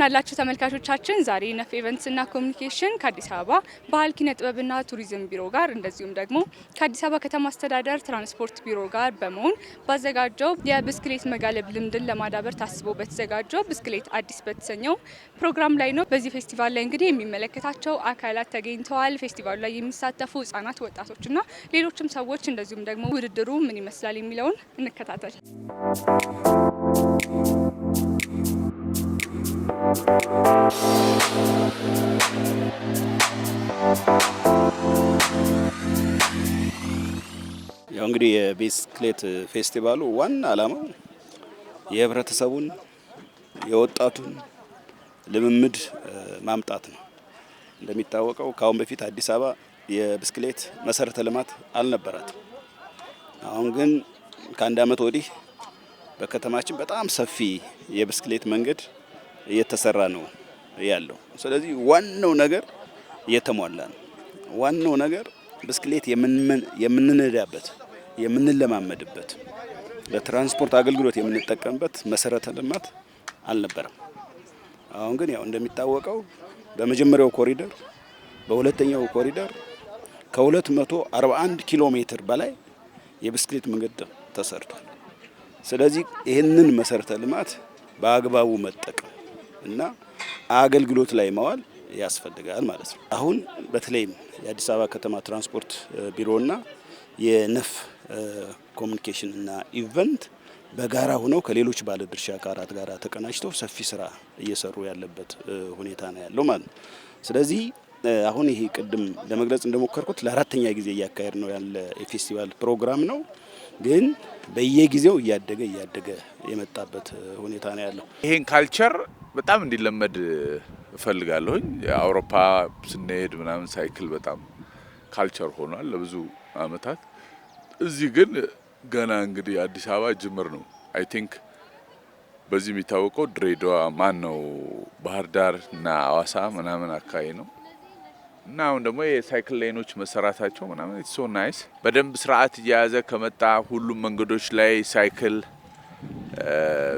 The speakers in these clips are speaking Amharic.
እንደምናላችሁ ተመልካቾቻችን ዛሬ ነፍ ኢቨንትስ እና ኮሚኒኬሽን ከአዲስ አበባ ባህል ኪነ ጥበብና ቱሪዝም ቢሮ ጋር እንደዚሁም ደግሞ ከአዲስ አበባ ከተማ አስተዳደር ትራንስፖርት ቢሮ ጋር በመሆን ባዘጋጀው የብስክሌት መጋለብ ልምድን ለማዳበር ታስቦ በተዘጋጀው ብስክሌት አዲስ በተሰኘው ፕሮግራም ላይ ነው። በዚህ ፌስቲቫል ላይ እንግዲህ የሚመለከታቸው አካላት ተገኝተዋል። ፌስቲቫሉ ላይ የሚሳተፉ ህጻናት፣ ወጣቶችና ሌሎችም ሰዎች እንደዚሁም ደግሞ ውድድሩ ምን ይመስላል የሚለውን እንከታተል። ያው እንግዲህ የቢስክሌት ፌስቲቫሉ ዋና አላማው የህብረተሰቡን የወጣቱን ልምምድ ማምጣት ነው። እንደሚታወቀው ከአሁን በፊት አዲስ አበባ የብስክሌት መሰረተ ልማት አልነበራትም። አሁን ግን ከአንድ አመት ወዲህ በከተማችን በጣም ሰፊ የብስክሌት መንገድ እየተሰራ ነው ያለው። ስለዚህ ዋናው ነገር እየተሟላ ነው። ዋናው ነገር ብስክሌት የምንነዳበት የምንለማመድበት ለትራንስፖርት አገልግሎት የምንጠቀምበት መሰረተ ልማት አልነበረም። አሁን ግን ያው እንደሚታወቀው በመጀመሪያው ኮሪደር በሁለተኛው ኮሪደር ከ241 ኪሎ ሜትር በላይ የብስክሌት መንገድ ተሰርቷል። ስለዚህ ይህንን መሰረተ ልማት በአግባቡ መጠቀም እና አገልግሎት ላይ መዋል ያስፈልጋል ማለት ነው። አሁን በተለይም የአዲስ አበባ ከተማ ትራንስፖርት ቢሮና የነፍ ኮሚኒኬሽን እና ኢቨንት በጋራ ሆነው ከሌሎች ባለድርሻ አካላት ጋር ተቀናጅተው ሰፊ ስራ እየሰሩ ያለበት ሁኔታ ነው ያለው ማለት ነው። ስለዚህ አሁን ይሄ ቅድም ለመግለጽ እንደሞከርኩት ለአራተኛ ጊዜ እያካሄድ ነው ያለ የፌስቲቫል ፕሮግራም ነው። ግን በየጊዜው እያደገ እያደገ የመጣበት ሁኔታ ነው ያለው። ይሄን ካልቸር በጣም እንዲለመድ እፈልጋለሁኝ። አውሮፓ ስንሄድ ምናምን ሳይክል በጣም ካልቸር ሆኗል ለብዙ አመታት። እዚህ ግን ገና እንግዲህ አዲስ አበባ ጅምር ነው። አይ ቲንክ በዚህ የሚታወቀው ድሬዳዋ ማን ነው ባህር ዳር እና አዋሳ ምናምን አካባቢ ነው። እና አሁን ደግሞ የሳይክል ላይኖች መሰራታቸው ምናምን ሶ ናይስ። በደንብ ስርዓት እየያዘ ከመጣ ሁሉም መንገዶች ላይ ሳይክል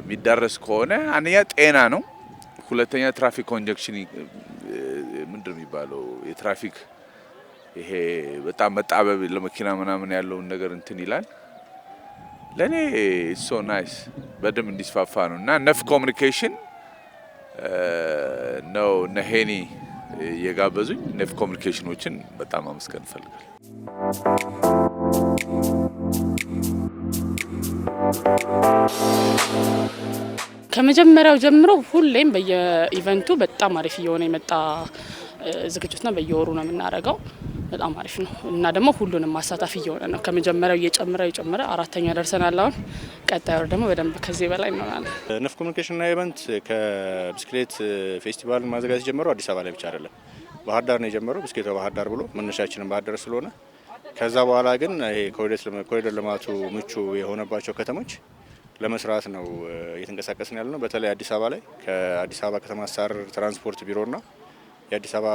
የሚዳረስ ከሆነ አንደኛ ጤና ነው፣ ሁለተኛ ትራፊክ ኮንጀክሽን ምንድን የሚባለው የትራፊክ ይሄ በጣም መጣበብ ለመኪና ምናምን ያለውን ነገር እንትን ይላል። ለእኔ ሶ ናይስ በደንብ እንዲስፋፋ ነው እና ነፍ ኮሚኒኬሽን ነው ነሄኒ የጋበዙኝ ኔፍ ኮሚኒኬሽኖችን በጣም አመስገን እፈልጋለሁ። ከመጀመሪያው ጀምሮ ሁሌም በየኢቨንቱ በጣም አሪፍ እየሆነ የመጣ ዝግጅት ነው። በየወሩ ነው የምናደርገው። በጣም አሪፍ ነው እና ደግሞ ሁሉንም ማሳታፍ እየሆነ ነው። ከመጀመሪያው እየጨመረ እየጨመረ አራተኛ ደርሰናል። አሁን ቀጣይ ወር ደግሞ በደንብ ከዚህ በላይ ይኖራል። ነፍ ኮሚኒኬሽንና ኢቨንት ከብስክሌት ፌስቲቫል ማዘጋጀት የጀመረው አዲስ አበባ ላይ ብቻ አይደለም፣ ባህር ዳር ነው የጀመረው። ብስክሌት ባህር ዳር ብሎ መነሻችንን ባህር ዳር ስለሆነ ከዛ በኋላ ግን ይሄ ኮሪደር ልማቱ ምቹ የሆነባቸው ከተሞች ለመስራት ነው እየተንቀሳቀስን ያለ ነው። በተለይ አዲስ አበባ ላይ ከአዲስ አበባ ከተማ አስተዳደር ትራንስፖርት ቢሮና የአዲስ አበባ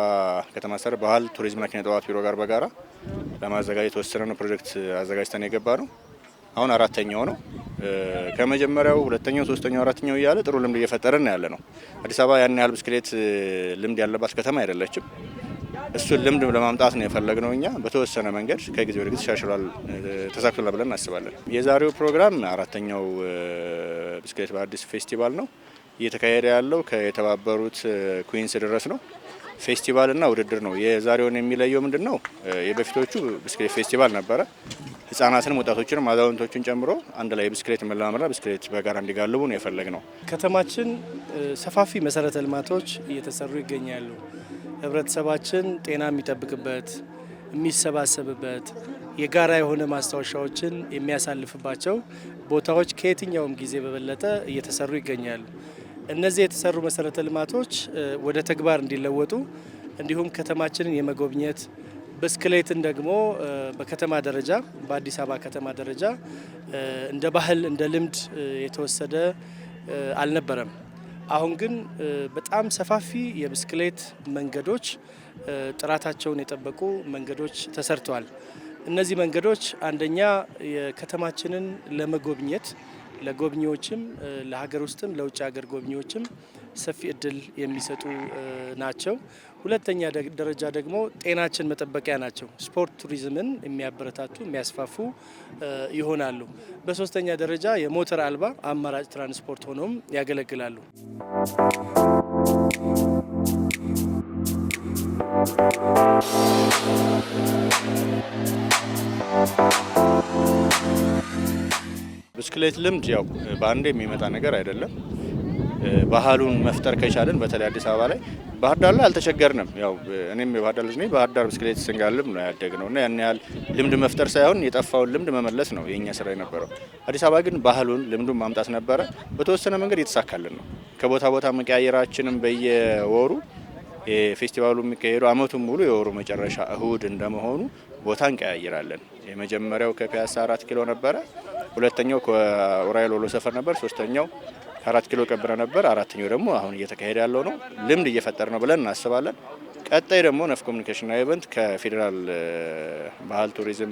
ከተማ ሰር ባህል ቱሪዝምና ኪነ ጥበባት ቢሮ ጋር በጋራ ለማዘጋጀት ነው ፕሮጀክት አዘጋጅተን የገባ ነው። አሁን አራተኛው ነው። ከመጀመሪያው ሁለተኛው፣ ሶስተኛው፣ አራተኛው እያለ ጥሩ ልምድ እየፈጠረ ነው ያለ ነው። አዲስ አበባ ያን ያህል ብስክሌት ልምድ ያለባት ከተማ አይደለችም። እሱን ልምድ ለማምጣት ነው የፈለግነው እኛ። በተወሰነ መንገድ ከጊዜ ወደ ጊዜ ተሻሽሏል፣ ተሳክቶላል ብለን እናስባለን። የዛሬው ፕሮግራም አራተኛው ብስክሌት በአዲስ ፌስቲቫል ነው እየተካሄደ ያለው ከየተባበሩት ኩዊንስ ድረስ ነው። ፌስቲቫልና ውድድር ነው። የዛሬውን የሚለየው ምንድን ነው? የበፊቶቹ ብስክሌት ፌስቲቫል ነበረ። ህጻናትንም ወጣቶችንም አዛውንቶችን ጨምሮ አንድ ላይ ብስክሌት መላመድና ብስክሌት በጋራ እንዲጋልቡ ነው የፈለግ ነው። ከተማችን ሰፋፊ መሰረተ ልማቶች እየተሰሩ ይገኛሉ። ህብረተሰባችን ጤና የሚጠብቅበት የሚሰባሰብበት የጋራ የሆነ ማስታወሻዎችን የሚያሳልፍባቸው ቦታዎች ከየትኛውም ጊዜ በበለጠ እየተሰሩ ይገኛሉ። እነዚህ የተሰሩ መሰረተ ልማቶች ወደ ተግባር እንዲለወጡ እንዲሁም ከተማችንን የመጎብኘት ብስክሌትን ደግሞ በከተማ ደረጃ በአዲስ አበባ ከተማ ደረጃ እንደ ባህል እንደ ልምድ የተወሰደ አልነበረም። አሁን ግን በጣም ሰፋፊ የብስክሌት መንገዶች፣ ጥራታቸውን የጠበቁ መንገዶች ተሰርተዋል። እነዚህ መንገዶች አንደኛ የከተማችንን ለመጎብኘት ለጎብኚዎችም ለሀገር ውስጥም ለውጭ ሀገር ጎብኚዎችም ሰፊ እድል የሚሰጡ ናቸው። ሁለተኛ ደረጃ ደግሞ ጤናችን መጠበቂያ ናቸው። ስፖርት ቱሪዝምን የሚያበረታቱ የሚያስፋፉ ይሆናሉ። በሶስተኛ ደረጃ የሞተር አልባ አማራጭ ትራንስፖርት ሆኖም ያገለግላሉ። ብስክሌት ልምድ ያው በአንድ የሚመጣ ነገር አይደለም። ባህሉን መፍጠር ከቻልን በተለይ አዲስ አበባ ላይ ባህር ዳር ላይ አልተቸገርንም። ያው እኔም የባህር ዳር ልጅ ነኝ። ባህር ዳር ብስክሌት ስንጋልም ነው ያደግ ነው እና ያን ያህል ልምድ መፍጠር ሳይሆን የጠፋውን ልምድ መመለስ ነው የእኛ ስራ የነበረው። አዲስ አበባ ግን ባህሉን ልምዱን ማምጣት ነበረ። በተወሰነ መንገድ የተሳካልን ነው። ከቦታ ቦታ መቀያየራችንም በየወሩ ፌስቲቫሉ የሚካሄዱ አመቱን ሙሉ የወሩ መጨረሻ እሁድ እንደመሆኑ ቦታ እንቀያይራለን። የመጀመሪያው ከፒያሳ አራት ኪሎ ነበረ። ሁለተኛው ከኡራኤል ወሎ ሰፈር ነበር። ሶስተኛው ከአራት ኪሎ ቀብረ ነበር። አራተኛው ደግሞ አሁን እየተካሄደ ያለው ነው። ልምድ እየፈጠረ ነው ብለን እናስባለን። ቀጣይ ደግሞ ነፍ ና ኢቨንት ከፌዴራል ባህል ቱሪዝም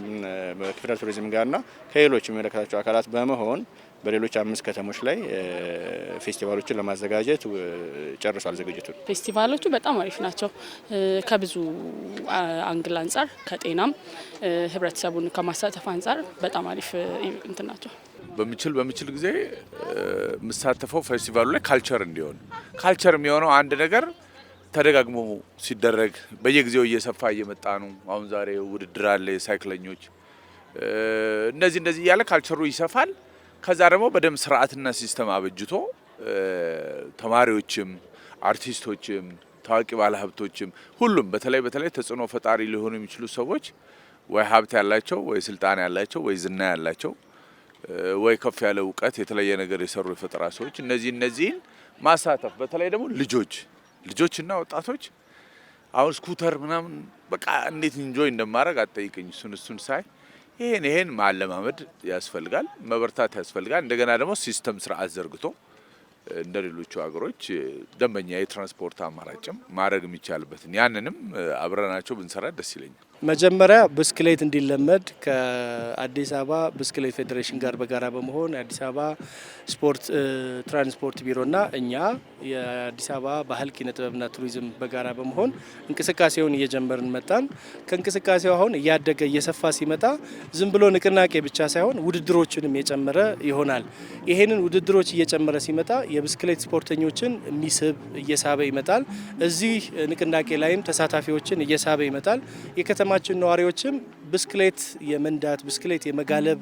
ከፌዴራል ቱሪዝም ከሌሎች የሚመለከታቸው አካላት በመሆን በሌሎች አምስት ከተሞች ላይ ፌስቲቫሎችን ለማዘጋጀት ጨርሷል ዝግጅቱን። ፌስቲቫሎቹ በጣም አሪፍ ናቸው። ከብዙ አንግል አንጻር ከጤናም ህብረተሰቡን ከማሳተፍ አንጻር በጣም አሪፍ እንትን ናቸው። በምችል በምችል ጊዜ የምሳተፈው ፌስቲቫሉ ላይ ካልቸር እንዲሆን ካልቸር የሚሆነው አንድ ነገር ተደጋግሞ ሲደረግ በየጊዜው እየሰፋ እየመጣ ነው። አሁን ዛሬ ውድድር አለ፣ የሳይክለኞች እነዚህ እንደዚህ እያለ ካልቸሩ ይሰፋል። ከዛ ደግሞ በደንብ ስርዓትና ሲስተም አበጅቶ ተማሪዎችም፣ አርቲስቶችም፣ ታዋቂ ባለሀብቶችም ሁሉም በተለይ በተለይ ተጽዕኖ ፈጣሪ ሊሆኑ የሚችሉ ሰዎች ወይ ሀብት ያላቸው ወይ ስልጣን ያላቸው ወይ ዝና ያላቸው ወይ ከፍ ያለ እውቀት የተለየ ነገር የሰሩ የፈጠራ ሰዎች እነዚህ እነዚህን ማሳተፍ በተለይ ደግሞ ልጆች ልጆችና ወጣቶች አሁን ስኩተር ምናምን በቃ እንዴት እንጆይ እንደማድረግ አጠይቀኝ እሱን እሱን ሳይ ይሄን ይሄን ማለማመድ ያስፈልጋል፣ መበርታት ያስፈልጋል። እንደገና ደግሞ ሲስተም ስርዓት ዘርግቶ እንደ ሌሎቹ ሀገሮች ደንበኛ የትራንስፖርት አማራጭም ማድረግ የሚቻልበትን ያንንም አብረናቸው ብንሰራ ደስ ይለኛል። መጀመሪያ ብስክሌት እንዲለመድ ከአዲስ አበባ ብስክሌት ፌዴሬሽን ጋር በጋራ በመሆን የአዲስ አበባ ስፖርት ትራንስፖርት ቢሮና እኛ የአዲስ አበባ ባህል ኪነ ጥበብና ቱሪዝም በጋራ በመሆን እንቅስቃሴውን እየጀመርን መጣን። ከእንቅስቃሴው አሁን እያደገ እየሰፋ ሲመጣ ዝም ብሎ ንቅናቄ ብቻ ሳይሆን ውድድሮችንም የጨመረ ይሆናል። ይሄንን ውድድሮች እየጨመረ ሲመጣ የብስክሌት ስፖርተኞችን የሚስብ እየሳበ ይመጣል። እዚህ ንቅናቄ ላይም ተሳታፊዎችን እየሳበ ይመጣል። የከተማችን ነዋሪዎችም ብስክሌት የመንዳት ብስክሌት የመጋለብ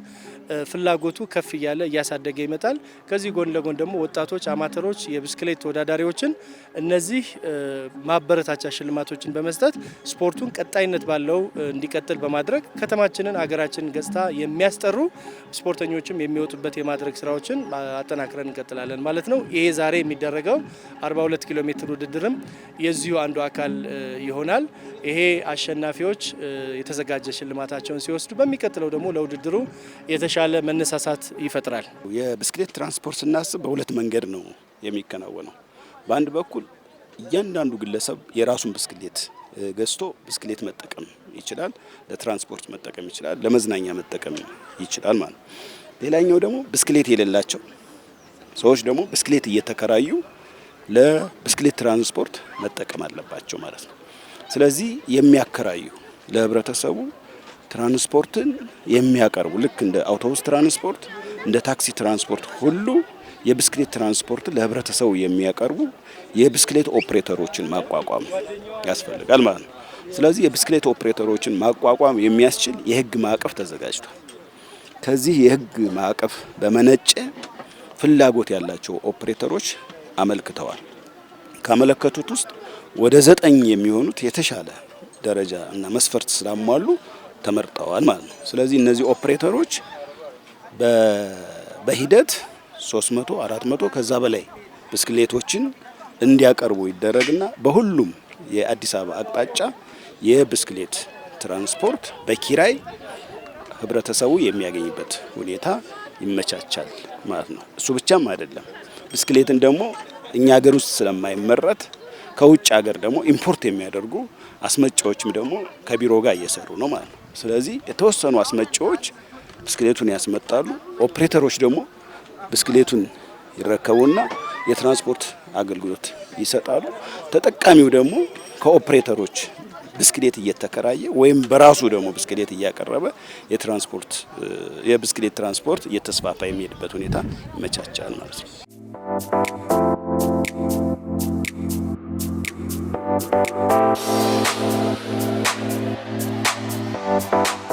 ፍላጎቱ ከፍ እያለ እያሳደገ ይመጣል። ከዚህ ጎን ለጎን ደግሞ ወጣቶች፣ አማተሮች የብስክሌት ተወዳዳሪዎችን እነዚህ ማበረታቻ ሽልማቶችን በመስጠት ስፖርቱን ቀጣይነት ባለው እንዲቀጥል በማድረግ ከተማችንን አገራችንን ገጽታ የሚያስጠሩ ስፖርተኞችም የሚወጡበት የማድረግ ስራዎችን አጠናክረን እንቀጥላለን ማለት ነው። ይሄ ዛሬ የሚደረገው 42 ኪሎ ሜትር ውድድርም የዚሁ አንዱ አካል ይሆናል። ይሄ አሸናፊዎች የተዘጋጀ ሽልማት ሽልማታቸውን ሲወስዱ በሚቀጥለው ደግሞ ለውድድሩ የተሻለ መነሳሳት ይፈጥራል። የብስክሌት ትራንስፖርት ስናስብ በሁለት መንገድ ነው የሚከናወነው። በአንድ በኩል እያንዳንዱ ግለሰብ የራሱን ብስክሌት ገዝቶ ብስክሌት መጠቀም ይችላል፣ ለትራንስፖርት መጠቀም ይችላል፣ ለመዝናኛ መጠቀም ይችላል ማለት ነው። ሌላኛው ደግሞ ብስክሌት የሌላቸው ሰዎች ደግሞ ብስክሌት እየተከራዩ ለብስክሌት ትራንስፖርት መጠቀም አለባቸው ማለት ነው። ስለዚህ የሚያከራዩ ለህብረተሰቡ ትራንስፖርትን የሚያቀርቡ ልክ እንደ አውቶቡስ ትራንስፖርት እንደ ታክሲ ትራንስፖርት ሁሉ የብስክሌት ትራንስፖርት ለህብረተሰቡ የሚያቀርቡ የብስክሌት ኦፕሬተሮችን ማቋቋም ያስፈልጋል ማለት ነው። ስለዚህ የብስክሌት ኦፕሬተሮችን ማቋቋም የሚያስችል የህግ ማዕቀፍ ተዘጋጅቷል። ከዚህ የህግ ማዕቀፍ በመነጨ ፍላጎት ያላቸው ኦፕሬተሮች አመልክተዋል። ካመለከቱት ውስጥ ወደ ዘጠኝ የሚሆኑት የተሻለ ደረጃ እና መስፈርት ስላሟሉ ተመርጠዋል ማለት ነው። ስለዚህ እነዚህ ኦፕሬተሮች በሂደት 300፣ 400 ከዛ በላይ ብስክሌቶችን እንዲያቀርቡ ይደረግና በሁሉም የአዲስ አበባ አቅጣጫ የብስክሌት ትራንስፖርት በኪራይ ህብረተሰቡ የሚያገኝበት ሁኔታ ይመቻቻል ማለት ነው። እሱ ብቻም አይደለም፣ ብስክሌትን ደግሞ እኛ ሀገር ውስጥ ስለማይመረት ከውጭ ሀገር ደግሞ ኢምፖርት የሚያደርጉ አስመጪዎችም ደግሞ ከቢሮ ጋር እየሰሩ ነው ማለት ነው። ስለዚህ የተወሰኑ አስመጪዎች ብስክሌቱን ያስመጣሉ። ኦፕሬተሮች ደግሞ ብስክሌቱን ይረከቡና የትራንስፖርት አገልግሎት ይሰጣሉ። ተጠቃሚው ደግሞ ከኦፕሬተሮች ብስክሌት እየተከራየ ወይም በራሱ ደግሞ ብስክሌት እያቀረበ የትራንስፖርት የብስክሌት ትራንስፖርት እየተስፋፋ የሚሄድበት ሁኔታ ይመቻቻል ማለት ነው። Thank